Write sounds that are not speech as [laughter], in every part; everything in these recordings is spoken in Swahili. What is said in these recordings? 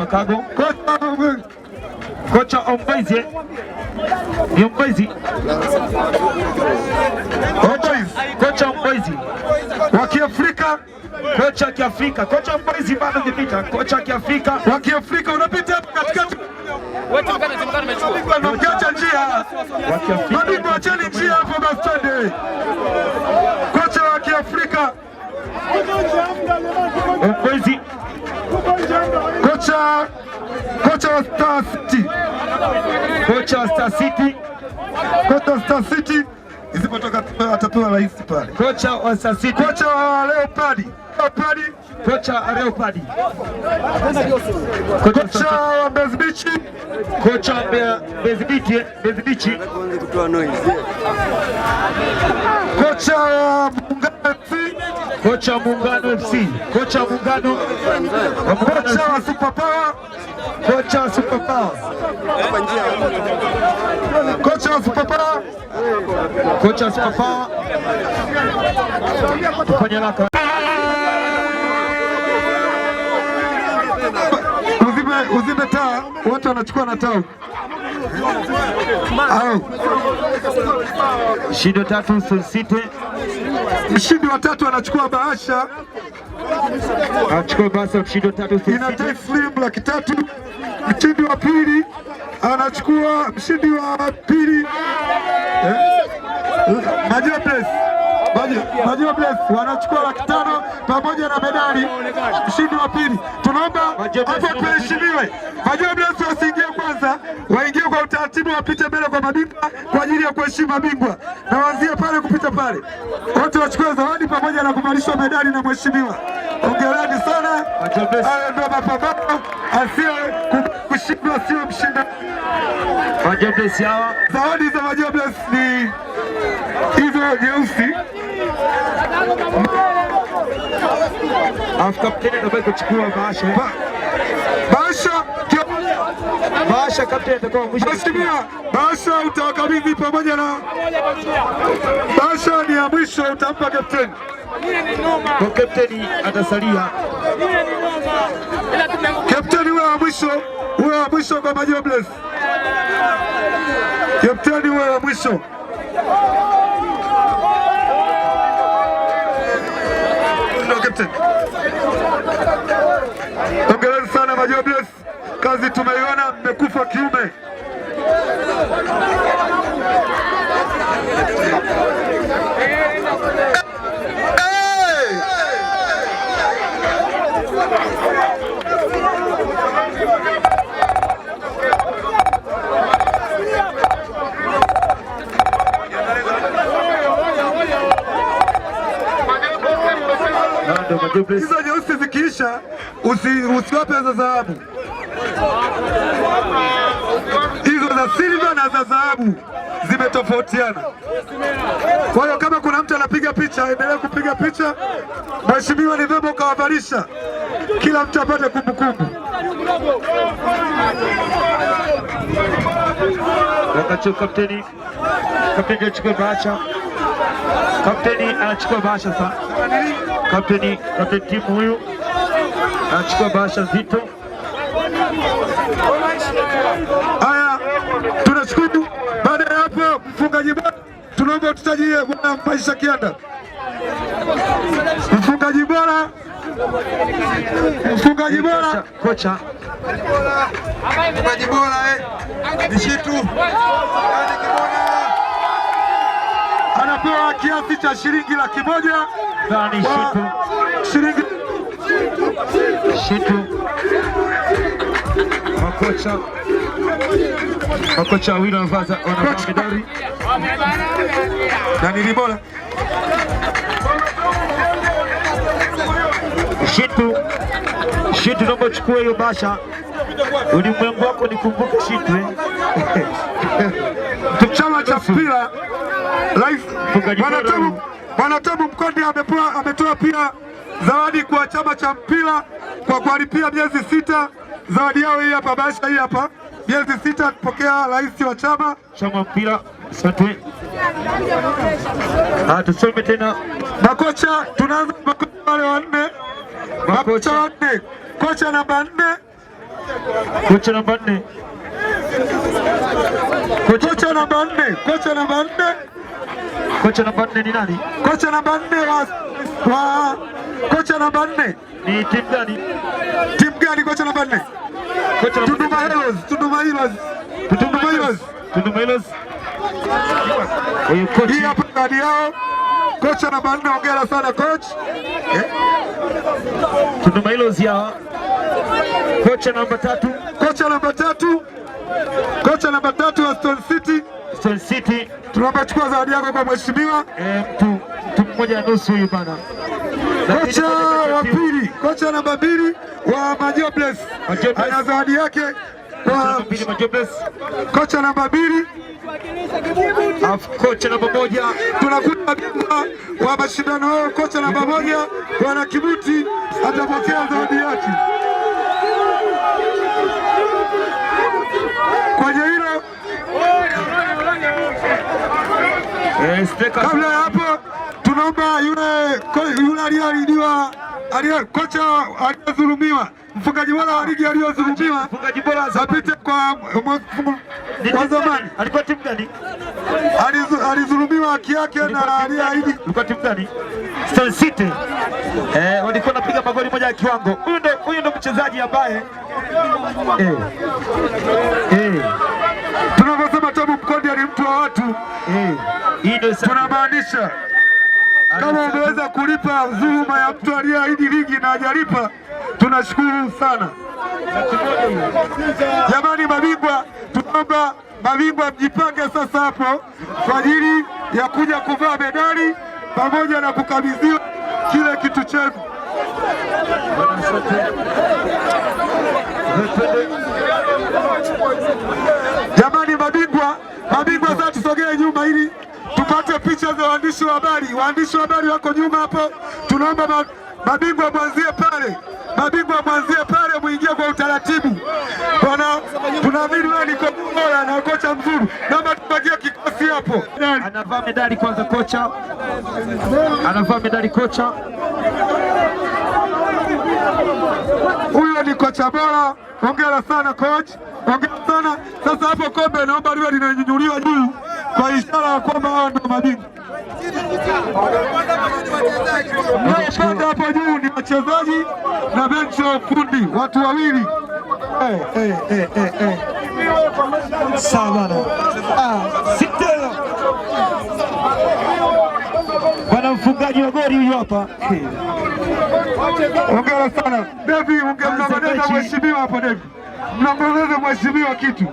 Makago. Kocha Ombaize ni Ombaize, kocha Ombaize wa Kiafrika, kocha Kiafrika, kocha Ombaize bado kipita, kocha Kiafrika wa Kiafrika unapita kocha wa Star City, kocha wa Star City isipotoka atapewa rais pale, kocha wa Star City, kocha wa Leopard, Leopard, kocha wa Leopard, kocha wa Mbezi Beach, kocha wa Mbezi Beach, Mbezi Beach, kocha wa Muungano FC, kocha wa Muungano FC, kocha wa Muungano, kocha wa Super Power Kocha superpower. Kocha superpower. Kocha superpower. Kufanya lako. Uzime, uzime taa, watu wanachukua na taa. Mshindi wa tatu Sun City. Mshindi wa tatu anachukua bahasha achukue basi mshindo tatu laki tatu. Mshindi wa pili anachukua mshindi wa pili eh? Majiwa Bless wanachukua laki tano pamoja na medali. Mshindi wa pili tunaomba hapo tuheshimiwe. Majiwa wasiingie sasa waingie kwa utaratibu, wapite mbele kwa mabingwa kwa ajili ya kuheshimu mabingwa, na waanzie pale kupita pale, wote wachukue zawadi pamoja na kuvalishwa medali na mheshimiwa. Hongereni sana, haya ndio mapambano. kushindwa sio mshinda. Zawadi za Wajobless ni hizo nyeusi kuchukua bahasha Basha kapteni atakuwa mwisho. Mheshimiwa Basha utawakabidhi pamoja na Basha ni ya mwisho utampa kapteni. Kwa kapteni atasalia. Kapteni wewe wa mwisho, wewe wa mwisho kwa majobless. Kapteni wewe wa mwisho. Ndio kapteni. Hongereni sana majobless kazi tumeiona, mmekufa kiume. Hizo nyeusi zikiisha, usiwape za dhahabu hizo za silva na za dhahabu zimetofautiana. Kwa hiyo kama kuna mtu anapiga picha, endelea kupiga picha. Mheshimiwa, ni vyema ukawavalisha, kila mtu apate kumbukumbu. Wakati kapteni kapiga achukue bahasha, kapteni anachukua bahasha sasa. Kapteni kapteni timu huyu anachukua bahasha nzito. Haya, tunashukuru. Baada ya hapo, mfungaji bora tunaomba tutajie bwana Mpaisha Kianda, mfungaji bora mfungaji bora kocha mfungaji bora eh, anapewa kiasi cha shilingi laki moja shilingi Shitu makocha makocha wawili wanavaa medali na nilibola shitu shitu, naomba uchukue hiyo basha. Ulimwengu wako nikumbuke shitu eh. [laughs] Chama cha mpira live Mwanatabu Mkonde ametoa pia zawadi kwa chama cha mpira kwa kualipia miezi sita Zawadi yao hii hapa, basha hii hapa, miezi sita kupokea rais wa chama chama mpira. Asante. Ah, tusome tena makocha. Tunaanza makocha wale wanne, makocha wanne, kocha namba nne, kocha namba nne, kocha namba nne, kocha namba nne, kocha namba nne ni nani? Kocha namba nne wa Kocha namba nne ni timu gani? Timu gani kocha namba nne? Kocha Tunduma Heroes, Tunduma Heroes. Tunduma Heroes. Tunduma Heroes. Hii hapa ndani yao. Kocha namba nne, hongera sana coach. Eh? Tunduma Heroes ya kocha namba tatu. Kocha namba tatu. Kocha namba tatu wa Stone City. Stone City. Tunapachukua zawadi yako kwa mheshimiwa. Eh, mtu mmoja nusu huyu bana. Kocha wa pili, kocha namba mbili wa Majobles ana zawadi yake kwa kocha namba mbili. Kocha namba moja, tunakuta mabingwa wa mashindano hayo, kocha namba moja Bwana Kibuti atapokea zawadi yake. Kwenye hilo kabla ya hapo yule aliyoahidiwa kocha aliyodhulumiwa, mfungaji bora wa ligi aliyodhulumiwa, mfungaji bora apite kwa kwa zamani. Alikuwa timu gani? Alidhulumiwa haki yake na aliyeahidi. Alikuwa timu gani? Stone City. Eh, walikuwa napiga magoli moja ya kiwango. Huyu ndo huyu ndo mchezaji ambaye eh eh tunavyosema Tabu Mkondi ni mtu wa watu, eh. tunamaanisha kama umeweza kulipa dhuluma ya mtu aliyeahidi ligi na hajalipa, tunashukuru sana jamani. Mabingwa, tunaomba mabingwa mjipange sasa hapo kwa ajili ya kuja kuvaa medali pamoja na kukabidhiwa kile kitu chenu. Jamani mabingwa, mabingwa sasa tusogee nyuma ili tupate picha za waandishi wa habari. Waandishi wa habari wako nyuma hapo, tunaomba mabingwa mwanzie pale, mabingwa mwanzie pale, muingie kwa utaratibu. Tunaamini wewe ni kocha bora na kocha mzuri, naomba tupatie kikosi hapo. Anavaa medali kwanza, kocha anavaa medali, kocha huyo ni kocha bora. Hongera sana coach, hongera sana. Sasa hapo kombe naomba liwe linanyunyuliwa juu kwa ishara ya kwamba hao ndio mabingwa. hapo juu ni wachezaji na benchi ya ufundi, watu wawili. Eh, eh, eh, Sawa ah, bwana, mfungaji wa goli huyu hapa. Hongera sana Devi, ungemnong'oneza mheshimiwa hapo. Devi, mnong'oneze mheshimiwa kitu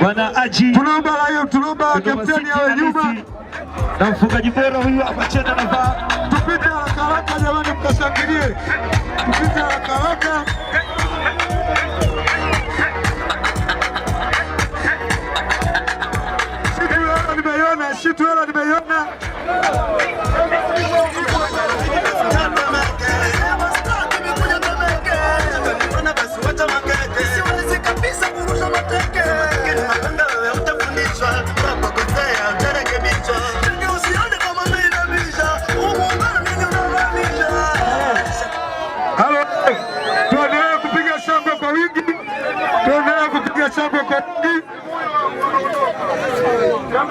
Bwana Aji Tuluba leo Tuluba kapteni awe nyuma na mfungaji bora huyu hapa chenda na baa. Tupite haraka haraka jamani, mkashangilie, tupite haraka haraka Shitu hela nimeiona, shitu hela nimeiona.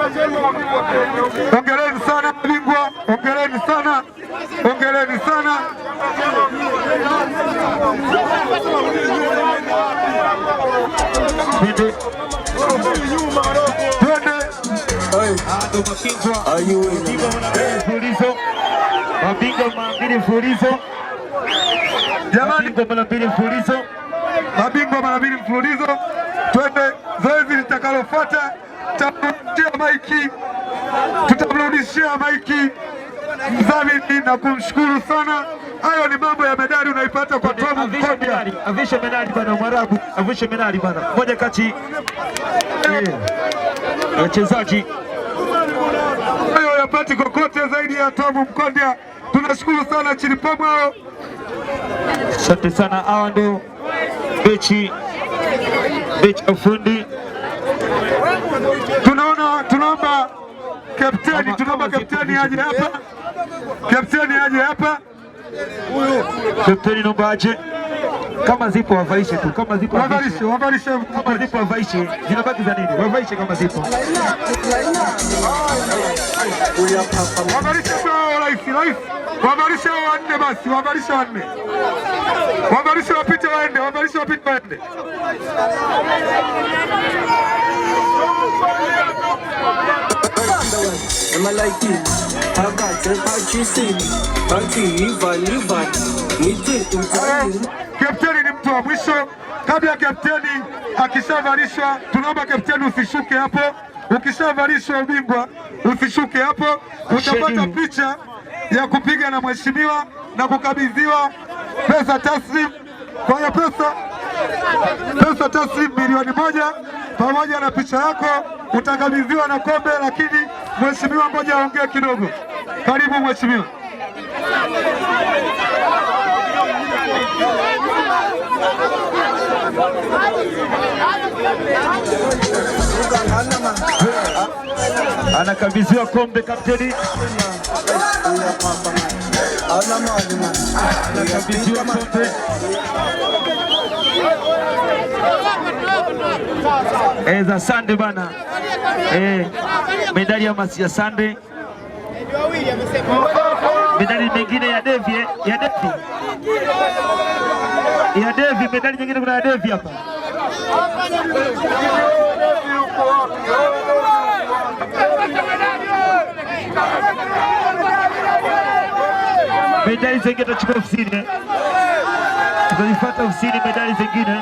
Hongereni sana mabingwa, hongereni sana, hongereni sana. mabingwa mara mbili mfululizo, jamani, mara mbili mfululizo, mabingwa mara mbili mfululizo. maiki, tutamrudishia maiki mdhamini na kumshukuru sana. Hayo ni mambo ya medali unaipata kwa Tomu Mkodia. Avishe medali bana, Mwarabu avishe medali bana, moja kati wachezaji hayo yapati kokote zaidi ya tomu Mkodia. Tunashukuru sana Chilipom hao, asante sana. Hawa ndo bechi bechi ya ufundi Tunaona, tunaomba kapteni, tunaomba kapteni aje hapa, kapteni aje hapa, kapteni naomba aje. Kama zipo wavaishe tu, kama zipo wavaishe, wavaishe, kama zipo wavaishe. Zinabaki za nini? Wavaishe kama zipo, wavaishe wavaishe wanne basi, wavaishe wanne, wavaishe wapite waende, wavaishe wapite waende. Kapteni ni mtu wa mwisho. Kabla kapteni akishavalishwa, tunaomba kapteni usishuke hapo. Ukishavalishwa ubingwa usishuke hapo, utapata picha ya kupiga na mheshimiwa na kukabidhiwa pesa taslim. Kwa hiyo pesa pesa taslim milioni moja pamoja na picha yako utakabidhiwa na kombe, lakini mheshimiwa, ngoja aongee kidogo. Karibu mheshimiwa. Anakabidhiwa kombe kapteni, anakabidhiwa kombe Eh, za sande bana, eh, medali ya masia sande, medali mengine ya Devi, eh, ya Devi, ya Devi, medali nyingine kuna ya Devi hapa. Medali zingine tutachukua ofisini, tutazifuata ofisini medali zingine